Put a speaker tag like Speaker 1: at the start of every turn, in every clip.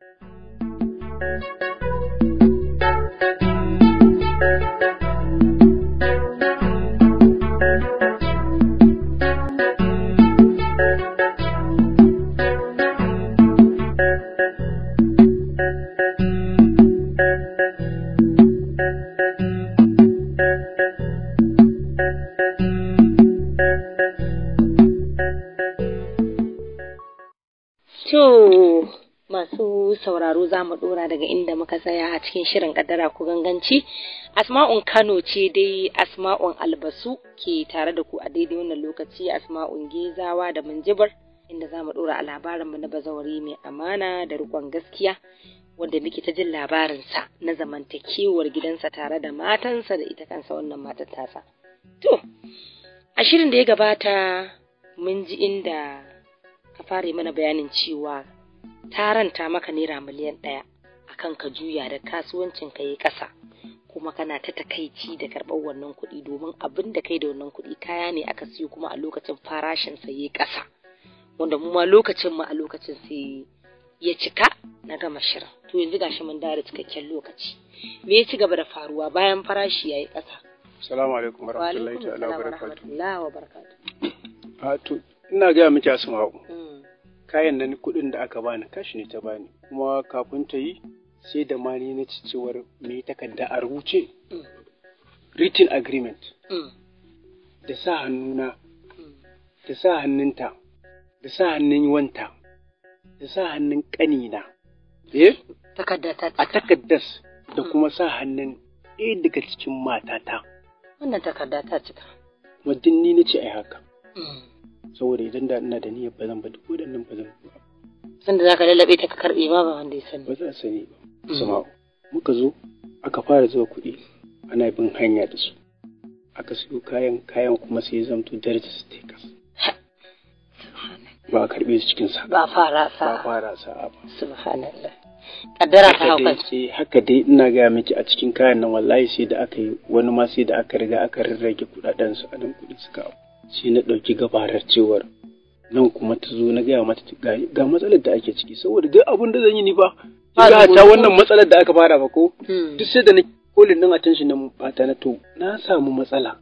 Speaker 1: Thank you.
Speaker 2: za mu dora daga inda muka tsaya a cikin shirin kaddara ko ganganci asma'un kano ce dai asma'un albasu ke tare da ku a daidai wannan lokaci asma'un gezawa da munjibar inda za mu dora a labarinmu na bazawari mai amana da rikon gaskiya wanda muke ta jin labarinsa na zamantakewar gidansa tare da matansa da ita kansa wannan matar tasa to a shirin da ya gabata mun ji inda ka fara mana bayanin cewa ta ranta maka naira miliyan ɗaya a kan ka juya da kasuwancin ka yi ƙasa kuma kana ta takaici da karɓar wannan kuɗi domin abin da kai da wannan kuɗi kaya ne aka siyo kuma a lokacin farashin sa yi ƙasa wanda mu ma lokacin mu a lokacin sai ya cika na gama shirin to yanzu gashi mun dare cikakken lokaci me ya ci gaba da faruwa bayan farashi ya yi ƙasa
Speaker 3: Assalamu alaikum warahmatullahi ta'ala wa
Speaker 2: barakatuh.
Speaker 3: Wa ah, ina gaya miki Asma'u. kayan nan kuɗin da aka bani kashi ne ta bani kuma kafin ta yi sai da ma ni na ci cewar me takarda a rubuce written agreement da sa hannuna da sa hannunta da sa hannun wanta da sa hannun kanina eh a takardas da kuma sa hannun ɗaya daga cikin matata wannan takarda ta cika muddin ni na ce ai haka mm. saboda idan da ina da niyyar ba zan ba duk waɗannan ba zan ba
Speaker 2: sanda zaka lallabe ta ka karbe ma ba wanda ya sani ba za sani
Speaker 3: ba kuma mm. muka zo aka fara zuwa kuɗi ana bin hanya da su aka siyo kayan kayan kuma sai zamto darajar stickers ba a karbe su cikin sa ba fara sa ba fara sa ba subhanallah kaddara ta hauka ce haka dai ina ga miki a cikin kayan nan wallahi sai da aka yi wani ma sai da aka riga aka rarrage kudaden su a nan kudi suka abu sai na ɗauki gabarar cewar nan kuma ta zo na gaya mata ga matsalar da ake ciki saboda duk abin da zan yi ni ba ga ta wannan matsalar da aka fara ba ko hmm. duk sai da na kolin nan attention na bata na to na samu matsala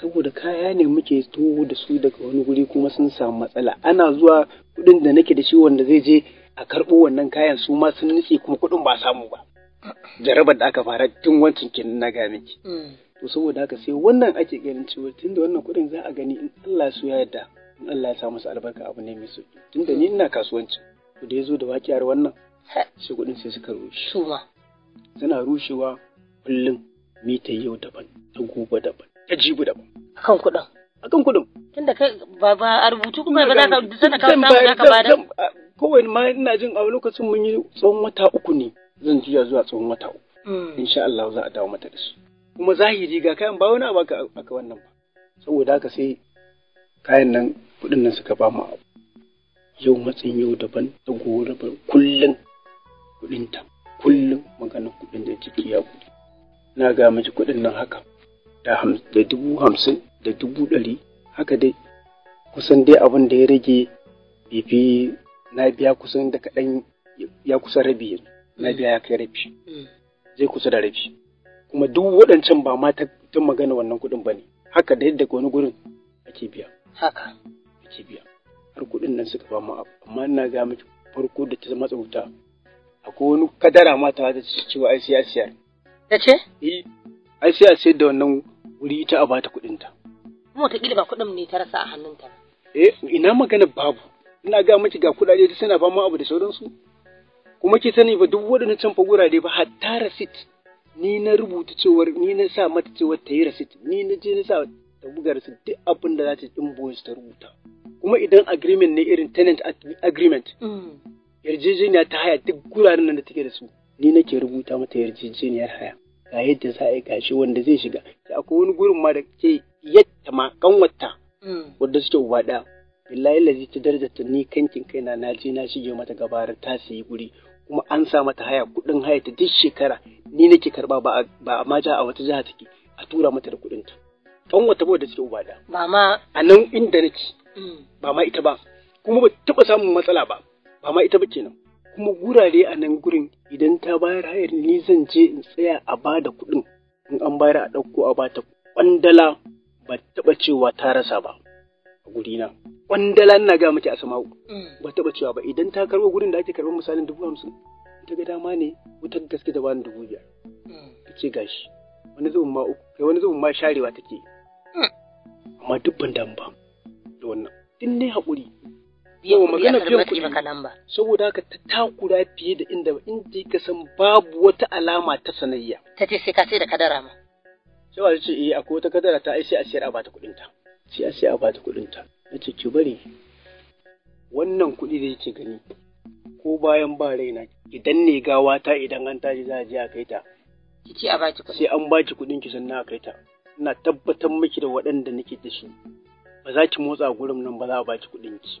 Speaker 3: saboda kaya ne muke tuwo da su daga wani guri kuma sun samu matsala ana zuwa kudin da nake da shi wanda zai je a karɓo wannan kayan su ma sun nutse kuma kudin ba samu ba jarabar da aka fara tun wancan kin na ga miki hmm. to saboda haka sai wannan ake ganin cewa tunda wannan kuɗin za a gani in Allah su ya yarda in Allah ya sa musu albarka abu ne mai sauki tunda ni ina kasuwanci to da yazo da wakiyar wannan sai kuɗin sai suka rushe suna rushewa kullum mita yau daban ta gobe daban ta jibu daban akan kuɗin akan kuɗin tunda kai ba
Speaker 2: ba a rubutu kuma ba za ka zana ka samu za ka bada
Speaker 3: kowane ma ina jin a lokacin mun yi tsawon wata uku ne zan juya zuwa tsawon wata uku hmm. insha Allah za a dawo mata da su kuma zahiri ga kayan ba wani abu aka wannan ba saboda haka sai kayan nan kudin nan suka ba mu abu yau matsayin yau daban da gobe ba kullum kudin ta kullum maganin kudin da jiki ya kudi na ga miki kudin nan haka da dubu hamsin da dubu ɗari haka dai kusan dai abin da ya rage bibi na biya kusan da kaɗan ya kusa rabi na biya ya kai rabi mm. zai kusa da rabi kuma duk waɗancan ba ma ta magana wannan kuɗin ba ne haka da yadda wani gurin ake biya haka ake biya har kuɗin nan suka ba mu abu amma ina ga miki farko da ta matsa wuta akwai wani kadara ma ta ce cewa ai sai a siyar ta ce eh ai sai a siyar da wannan wuri ita a bata kuɗin ta
Speaker 2: mu ta ba kuɗin ne ta rasa a hannunta
Speaker 3: eh ina magana babu ina ga miki ga kuɗaɗe ta suna ba mu abu da sauransu kuma ki sani ba duk waɗannan can fa gurare ba hatta receipt ni na rubuta cewar ni na sa mata cewar ta yi rasit ni na je na sa ta buga rasit duk abin da za ta boys ta rubuta kuma idan agreement ne irin tenant agreement mm. yarjejeniya ta haya duk guraren nan da take da su ni nake rubuta mata yarjejeniyar haya ga yadda za a yi gashi wanda zai shiga da akwai wani gurin ma da ke yadda ma kanwata mm. wadda suke uba ɗaya billahi lazi ta darjata ni kankin kaina na je na shige mata gabarar ta sayi guri kuma an sa mata haya kuɗin haya ta duk shekara ni nake karba ba a maja a wata jiha take a tura mata da kuɗin ta ɗan wata bawa da cike uba da
Speaker 2: ba ma a nan
Speaker 3: inda nake mm. ba ma ita ba kuma ba taɓa samun matsala ba ba ma ita ba kenan kuma gurare a nan gurin idan ta bayar hayar ni zan je in tsaya a ba da kuɗin in an bayar a ɗauko a bata kwandala ba taɓa cewa ta rasa ba a gurina Kwandala na ga miki a sama'u mm. ba taɓa cewa ba idan ta karɓo gurin da ake karɓar misalin dubu hamsin ta ga dama ne wutar gaske da bani dubu biyar hmm. ta ce gashi wani zubin ma uku kai wani zubin ma sharewa take hmm. amma duk ban da ba da wannan din ne haƙuri
Speaker 1: yawa magana biyan
Speaker 3: kuɗi saboda haka ta takura fiye da inda ba, inda ka san babu wata alama ta sanayya ta ce sai ka sai da kadara ma sai wa ce eh akwai wata kadara ta ai sai a siyar a bata kuɗin ta sai a siyar a bata kuɗin ta ce ki bari wannan kuɗi da yake gani ko bayan ba raina idan ne gawa ta idan an tashi za a je a kai ta kici a baki kuɗi sai an baki kuɗin ki sannan a kai ta ina tabbatar miki da waɗanda nake da shi ba za ki motsa gurin nan ba za a baki kuɗin ki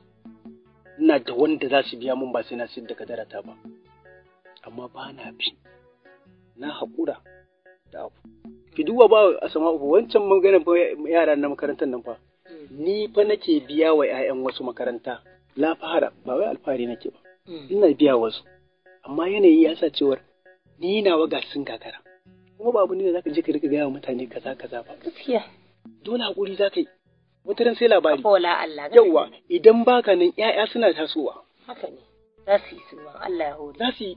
Speaker 3: ina da wanda za su biya min ba sai na sayar da ta ba amma ba na bi na haƙura da abu ki duba ba a sama uku wancan maganar yara na makarantar nan fa hmm. ni fa nake biya wa 'ya'yan wasu makaranta la ba wai alfahari nake ba Hmm. ina biya wasu amma yanayi ya sa cewar ni nawa ga sun kakara kuma ba abu ne da zaka je ka rika gaya wa mutane kaza kaza ba gaskiya dole hakuri zaka yi wata ran sai labari kola Allah yawa idan baka nan ƴaƴa suna tasowa haka ne za su yi sunan Allah ya hore za su yi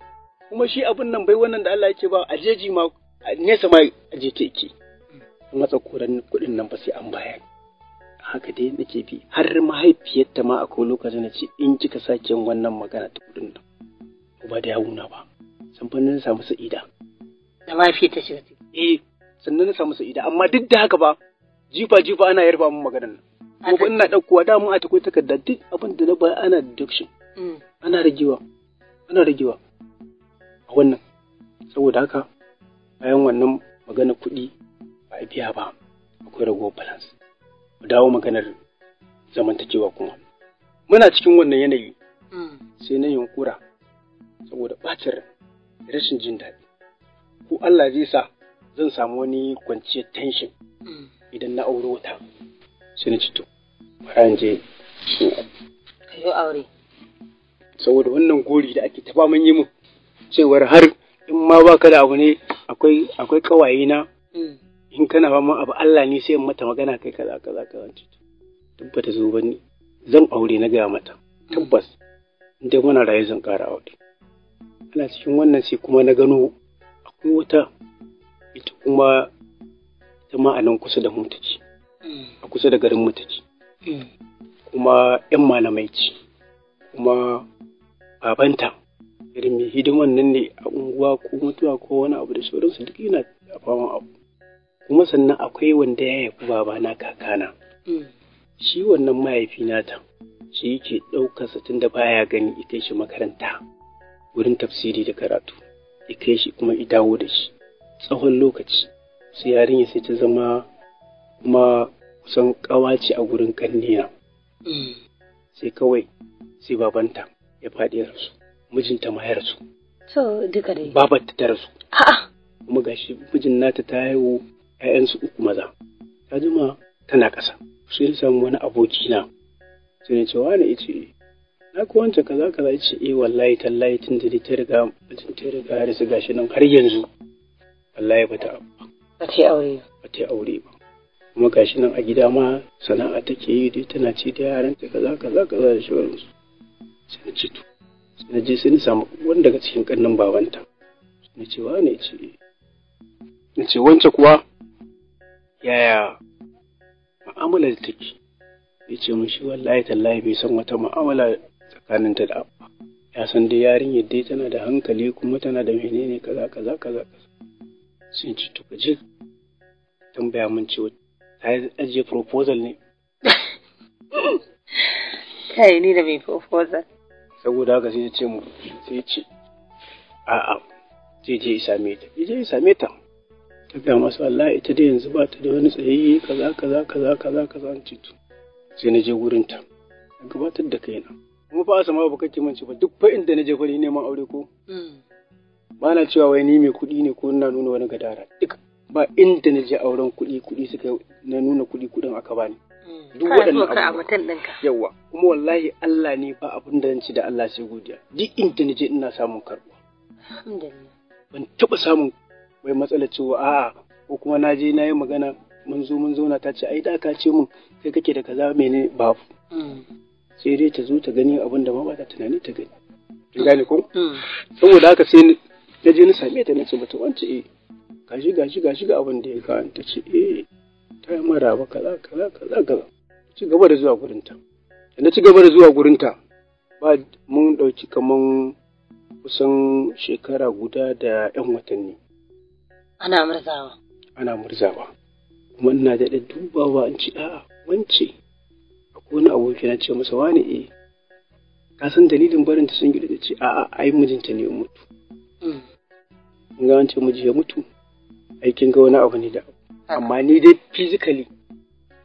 Speaker 3: kuma shi abin nan bai wannan da Allah yake ba a jeji ma nesa ma a je ke matsa hmm. koran kuɗin nan ba sai an bayar haka dai nake bi har mahaifiyarta ma akwai lokacin na ce in kika sake yin wannan magana ta kudin nan ba da yawuna ba fa na samu sa'ida da mahaifiyarta ce eh sannan na samu sa'ida amma duk da haka ba jifa jifa ana yarba mun maganar nan ko ina daukowa da mun a takwai takarda duk abin da na baya ana deduction mm. ana ragewa ana ragewa a wannan saboda haka bayan wannan magana kuɗi ba a biya ba akwai ragowar balance dawo maganar zamantakewa kuma muna cikin wannan yanayi hmm. sai na yunkura saboda ɓacin rashin jin daɗi ko Allah zai sa zan samu wani kwanciyar tension hmm. idan na auri wata sai na cito bayan je kayo aure saboda wannan gori da ake taba mun yi mun cewar har in ma ba ka da abu ne akwai akwai kawaye na hmm. in kana mun abu Allah ne sai in mata magana kai kaza kaza kaza ce tabbata zo zan aure na gaya mata tabbas in dai wannan raye zan kara aure ana cikin wannan sai kuma na gano akwai wata ita kuma ta ma kusa da mu a kusa da garin mu kuma yan malamai ce kuma babanta irin mai hidiman nan ne a unguwa ko mutuwa ko wani abu da sauransu duk yana faman abu kuma sannan akwai wanda ya haifi babana kakana mm. shi wannan mahaifi nata shi yake ɗaukar sa da baya gani ya kai shi makaranta wurin tafsiri da karatu ya kai shi kuma ya dawo da shi tsawon lokaci su yarinya sai ta zama kuma kusan ƙawaci a gurin kanniya mm. sai kawai sai babanta ya faɗi rasu mijinta ma ya rasu
Speaker 2: to duka dai
Speaker 3: babanta ta rasu a'a kuma gashi mijin nata ta haihu 'ya'yansu uku maza ta jima tana ƙasa sai ta samu wani aboki na sai na ce wani ice na ku wance kaza kaza ce, eh wallahi tallahi tun da ta riga mutum ta riga har su gashi nan har yanzu wallahi ba ta aure ba ta aure ba kuma gashi nan a gida ma sana'a take yi dai tana ce da yaran ta kaza kaza kaza da shawararsu sai na ce to sai na je sai na samu wani daga cikin ƙannen babanta na ce ne ice eh. na ce wance kuwa yaya mu'amalar take ya ce mun shi wallahi tallahi bai san wata mu'amala tsakaninta da abba ya san dai yarinyar dai tana da hankali kuma tana da menene kaza kaza kaza kaza sun ci tuka ji tambaya mun ce ta yi ajiye proposal ne kai ni da mai proposal saboda haka sai ya ce mu sai ce a'a zai je isa same ta je same ta ta gaya masu Allah ita dai yanzu ba ta da wani tsayayye kaza kaza kaza kaza kaza an ce sai na je gurin ta na gabatar da kaina kuma fa asama ba kake mance ba duk fa inda na je fa ni neman aure ko mm. ba na cewa wai ni mai kuɗi ne ko na nuna wani gadara duk ba inda na je auren kuɗi kuɗi suka na nuna kuɗi kuɗin aka bani
Speaker 1: mm. duk waɗannan abubuwa
Speaker 3: yawa kuma wallahi Allah ne ba abin da ci da Allah sai godiya duk inda na je ina samun
Speaker 2: karɓuwa
Speaker 3: ban taɓa samun wai matsalar cewa a'a ko kuma na je na yi magana mun zo mun zauna ta ce ai da ka ce mun kai kake da kaza mene babu hmm. sai dai ta zo ta gani abin da ma ba ta tunani ta gani hmm. gane ko hmm. saboda haka sai na je na same ta na ce mata wance eh gashi gashi gashi ga abin da ya ka ta ce eh ta yi mara ba kaza kaza kaza kaza ci gaba da zuwa gurin da na ci gaba da zuwa gurin ta ba mun ɗauki kaman kusan shekara guda da 'yan watanni Ana murzawa. Ana murzawa. Kuma ina daɗa dubawa in ci a'a wance. Akwai wani aboki na ce masa wani eh. Ka san dalilin barin ta sun gida da ce a'a ai mijinta ne mutu.
Speaker 1: In hmm.
Speaker 3: ga wance miji ya mutu. Aikin ga wani abu ne da Amma ni dai physically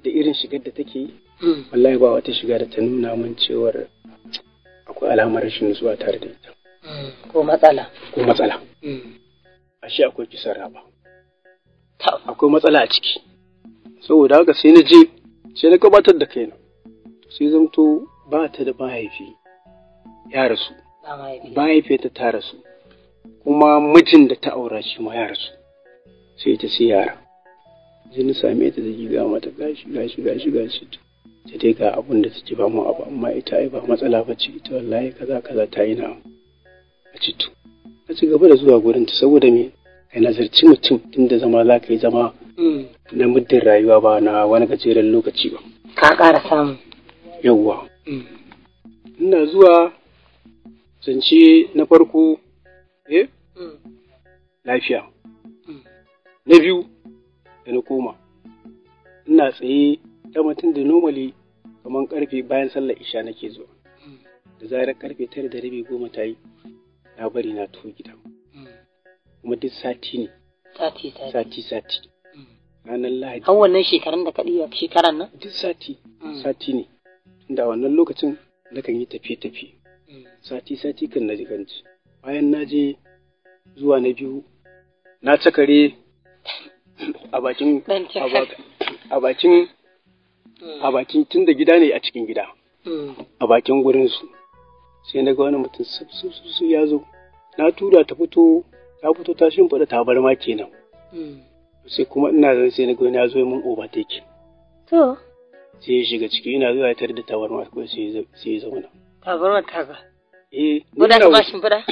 Speaker 3: da irin shigar da take yi. Hmm. Wallahi ba wata shiga da ta nuna min cewar akwai alamar rashin zuwa tare da ita. Hmm. Ko matsala. Ko matsala. Ashe akwai kisan raba. ta akwai matsala a ciki saboda haka sai na je sai na gabatar da kaina sai zamto ba ta da mahaifi ya rasu mahaifi ta rasu kuma mijin da ta aura shi ma ya rasu sai ta sai yara sai na same ta da giga mata gashi gashi gashi gashi ta dai ga abin da take ba mu abu amma ita ai ba matsala ba ce ita wallahi kaza kaza ta yi na a cito a ci gaba da zuwa gurin ta saboda me ka nazarci mutum tun da zama za ka yi zama hmm. na muddin rayuwa ba na wani gajeren lokaci ba ka ƙara samu yawwa hmm. ina zuwa zance na farko eh? hmm. lafiya na biyu da na koma ina tsaye ta mutum da normally kamar karfe bayan sallar isha nake zuwa da zarar karfe tara da rabi goma ta yi na bari na tuwo gida kuma duk sati ne sati sati sati sati ranar lahadi har wannan shekarun da ka ɗiba shekaran nan duk sati mm. sati ne da wannan lokacin na kan yi tafiye-tafiye mm. sati sati kan na ci. bayan na je zuwa na biyu na cakare a bakin a bakin mm. a bakin tun da gida ne a cikin gida a bakin gurinsu sai na ga wani mutum su ya zo na tura ta fito ta fito ta bar tabarma kenan hmm. sai kuma ina zan sai na ga na zo mun overtake to sai ya shiga ciki ina zuwa tare da tabarma ko sai ya zauna tabarma ta eh, ba. eh guda ta ba shimfiɗa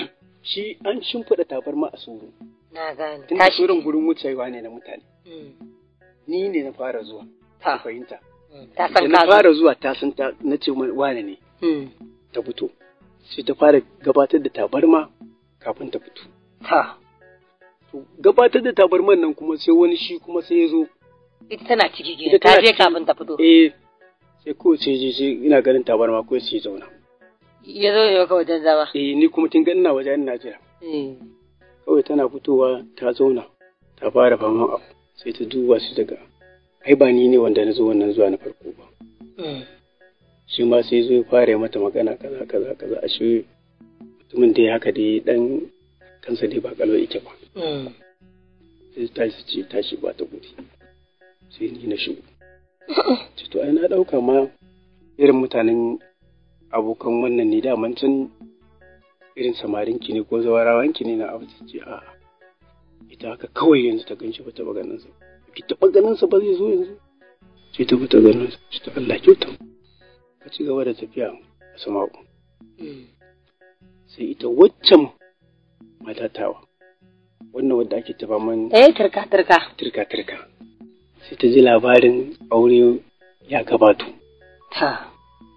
Speaker 3: shi an shimfiɗa tabarma a suru na gane ta shi gurin wucewa ne na mutane hmm. ni ne na fara zuwa ta fahimta
Speaker 1: hmm. ta san na fara zuwa
Speaker 3: ta san ta na ce wane ne ta fito sai ta fara gabatar da tabarma kafin ta fito ta gabatar da tabarman nan kuma sai wani shi kuma sai ya zo ita tana ciki gida ta je kafin ta fito eh sai ko sai je sai ina ganin tabarma ko sai zauna ya zo ya ka wajen zama eh ni kuma tun ganin na wajen ina jira eh. kawai tana fitowa ta zauna ta fara fama abu sai ta duba su daga ai ba ni ne wanda na zo wannan zuwa na farko ba hmm. shi ma sai zo ya fara mata magana kaza kaza kaza shi mutumin da ya haka dai dan kansa dai ba kalwa yake ba hmm. sai ta su ce tashi ba ta gudi. sai ni na shigo ce to ai na dauka ma irin mutanen abokan wannan ne daman can irin samarin ki ne ko zawarawan ki ne na abu ce a ita haka kawai yanzu ta ganshi ba ta ba ganin sa ki taba ganin sa ba zai zo yanzu ce ta ba ta ganin sa ce ta Allah ta. ka ci gaba da tafiya a sama'u hmm. sai ita waccan matatawa wannan wadda ake taba man
Speaker 2: eh turka turka
Speaker 3: turka turka sai ta ji labarin aure ya gabato ta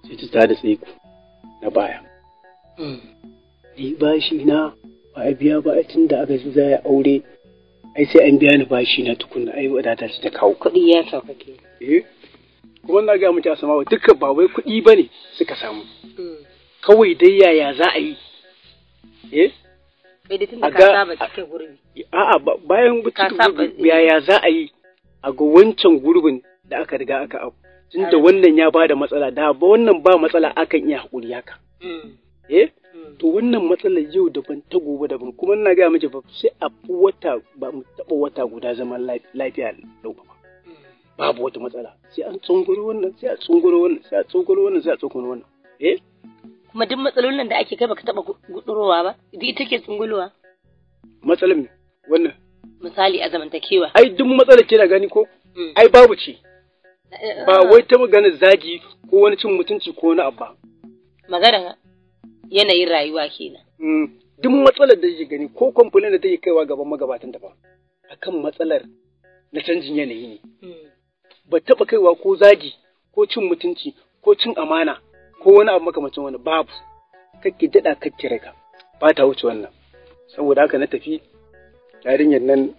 Speaker 3: sai ta tada tsiku na baya mm. ni bashi na ba a biya ba tun da aka ji zai aure ai sai an biya ni bashi na tukunna ai wadata ta kawo kuɗi ya sauka ke eh kuma na ga mutu samawa dukkan ba wai kuɗi bane suka samu mm. kawai dai yaya za a yi eh da ka saba cike gurbi a'a bayan yaya za a yi a ga wancan gurbin da aka riga aka abu da wannan ya ba da matsala da ba wannan ba matsala akan iya haƙuri haka mm. eh mm. to wannan matsalar yau daban ta gobe daban kuma ina gaya miki ba sai a wata ba mu taɓa wata guda zaman lafiya lau ba
Speaker 1: mm. babu wata matsala
Speaker 3: sai an tsunguro wannan sai a tsunguro wannan sai a tsunguro wannan sai a tsunguro wannan eh
Speaker 2: kuma duk matsalolin nan da ake kai baka taba gudurowa ba duk ita ke tsungulowa
Speaker 3: matsalin wannan misali a zamantakewa ai duk matsalar ke da gani ko mm. ai babu ce eh, ba eh, wai ta magana zagi ko wani cin mutunci ko wani abba.
Speaker 2: magana yanayin rayuwa kenan
Speaker 3: mm. duk matsalar da yake gani ko kwamfanin da take kaiwa gaban magabatan da ba akan matsalar na canjin yanayi ne mm. ba taba kaiwa ko zagi ko cin mutunci ko cin amana ko wani abu makamacin wani babu kake daɗa kake raka ba ta wuce wannan saboda haka na tafi yarinyar nan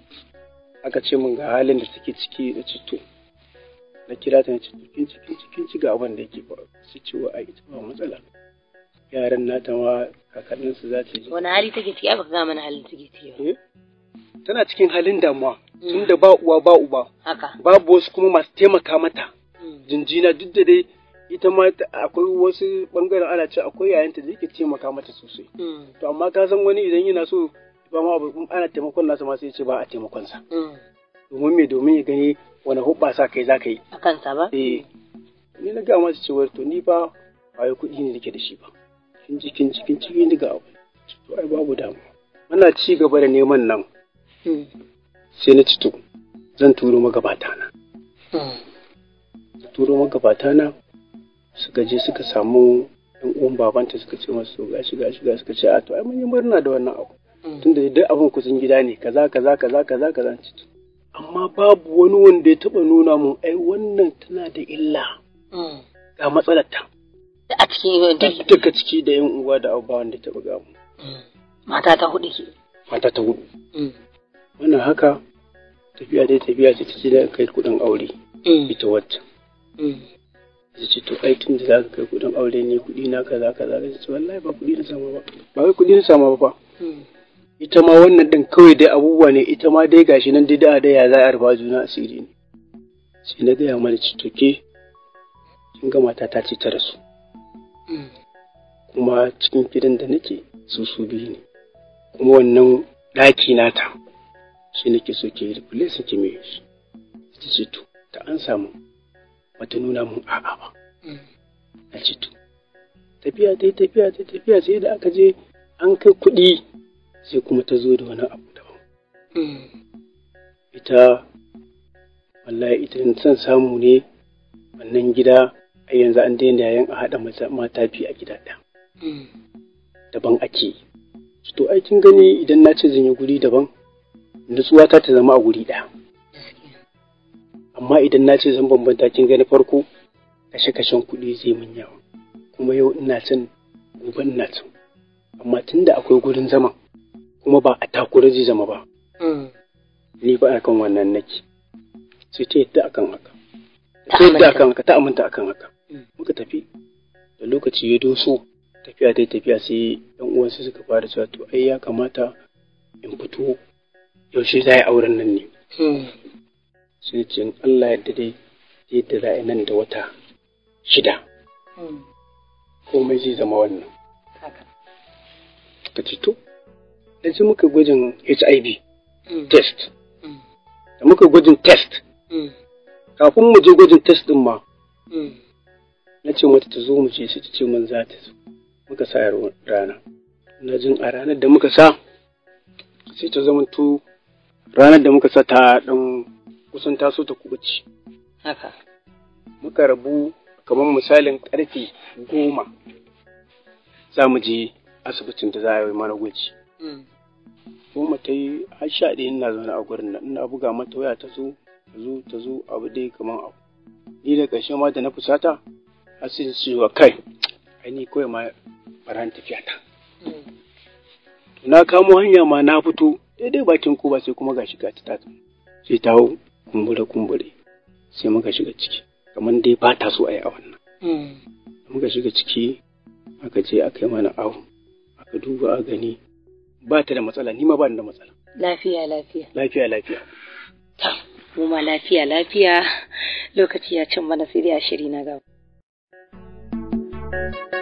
Speaker 3: aka ce min ga halin da suke ciki da cito na kira ta ce cikin cikin cikin ci ga abin da yake ba su ce wa a ita ba matsala yaran nata ma kakannin su za ta yi
Speaker 2: wani hali take ciki aka ga mana halin take ciki
Speaker 3: eh? tana cikin halin damuwa hmm. tun da ba uwa ba uba babu wasu kuma masu taimaka mata hmm. jinjina duk da dai ita ma akwai wasu bangaren ana ce akwai yayanta da yake taimaka mata sosai hmm. to amma ka san wani idan yana so ba ma ana taimakon nasa ma sai ce ba a taimakon sa hmm. domin me domin ya gani wani hubbasa kai za ka yi a kansa ba eh ni na ga masa cewa to ni ba ba kuɗi ne nake da shi ba kin ji kin ji kin ji ni ga abu to ai babu damu muna ci gaba da neman nan hmm. sai na ci to zan turo magabata na turo magabata na suka je suka samu yan uwan babanta suka ce masu gashi gashi gashi suka ce a to ai mun yi murna da wannan abu mm. tunda duk abin kusan gida ne kaza kaza kaza kaza kaza amma babu wani wanda ya taba nuna mun ai wannan tana da illa mm. ga matsalar ta a cikin eh, duk daga ciki da yan uwa da abu wanda ya taba gamu mm. mata ta hudu ke mata ta hudu wannan haka tafiya dai tafiya ce ta ce da kai kudin aure ita wacce ya ce to ai tun da za ka kai kudin aure ne kudi na kaza kaza ya ce wallahi ba kudi na sama ba ba wai kudi na sama ba hmm. ita ma wannan din kawai dai abubuwa ne ita ma dai gashi nan dai da ya za a rufa juna asiri ne sai na gaya mana ce to ke kin ga mata ta ce ta rasu hmm. kuma cikin gidan da nake su su biyu ne kuma wannan ɗaki nata shi nake so ke replace ki me shi ta ce to ta an samu bata nuna mun a'a ba mm. na ce to tafiya ta yi tafiya ta tafiya sai da aka je an kai kuɗi sai kuma ta zo da wani abu daban mm. ita wallahi ita son samu ne wannan gida a yanzu an daina yayan a haɗa mata biyu a gida ɗaya mm. daban ake to aikin gani idan na ce zan yi guri daban nutsuwa ta ta zama a guri ɗaya amma idan na ce zan bambanta kin gani farko kashe-kashen kuɗi zai min yawa kuma yau ina son gobe ina son amma tunda akwai gurin zama kuma ba a takura zai zama ba hmm. ni ba akan wannan nake sai ta yadda akan haka ta yadda akan haka ta aminta akan haka hmm. muka tafi da lokaci ya doso tafiya ta tafiya sai yan uwansu suka fara cewa to ai ya kamata in fito yaushe za a yi auren nan ne hmm. sai ce Allah ya dade yadda za a nan da wata shida hmm. komai zai zama wannan ka ce to da sai muka gwajin HIV hmm. test hmm. da muka gwajin test kafin mu je gwajin test din ma na ce mata ta zo mu je sai ta ce mun za ta zo muka sa rana na jin a ranar da muka sa sai ta to ranar da muka sa ta dan kusan taso ta kubuci. Haka. Muka rabu kamar misalin karfe goma za mu je asibitin da za a yi mana gwaji. Mm. Goma ta yi har sha ɗaya ina zaune a gurin nan ina buga mata waya ta zo ta zo ta zo abu dai kamar abu. Ni da ƙarshe ma da na fusata har sai wa kai ai ni kawai ma baran tafiya ta. Mm. Na kamo hanya ma na fito daidai bakin ko ba sai kuma gashi ga ta ta sai ta hau kumbure-kumbure sai muka shiga ciki kamar dai ba ta so a yi a wannan hmm. muka shiga ciki aka je aka yi mana awo aka duba a gani ba ta da matsala ni ma ba da matsala
Speaker 2: lafiya lafiya
Speaker 3: lafiya lafiya
Speaker 2: mu ma lafiya lafiya lokaci ya cin mana sai dai shiri na gaba thank you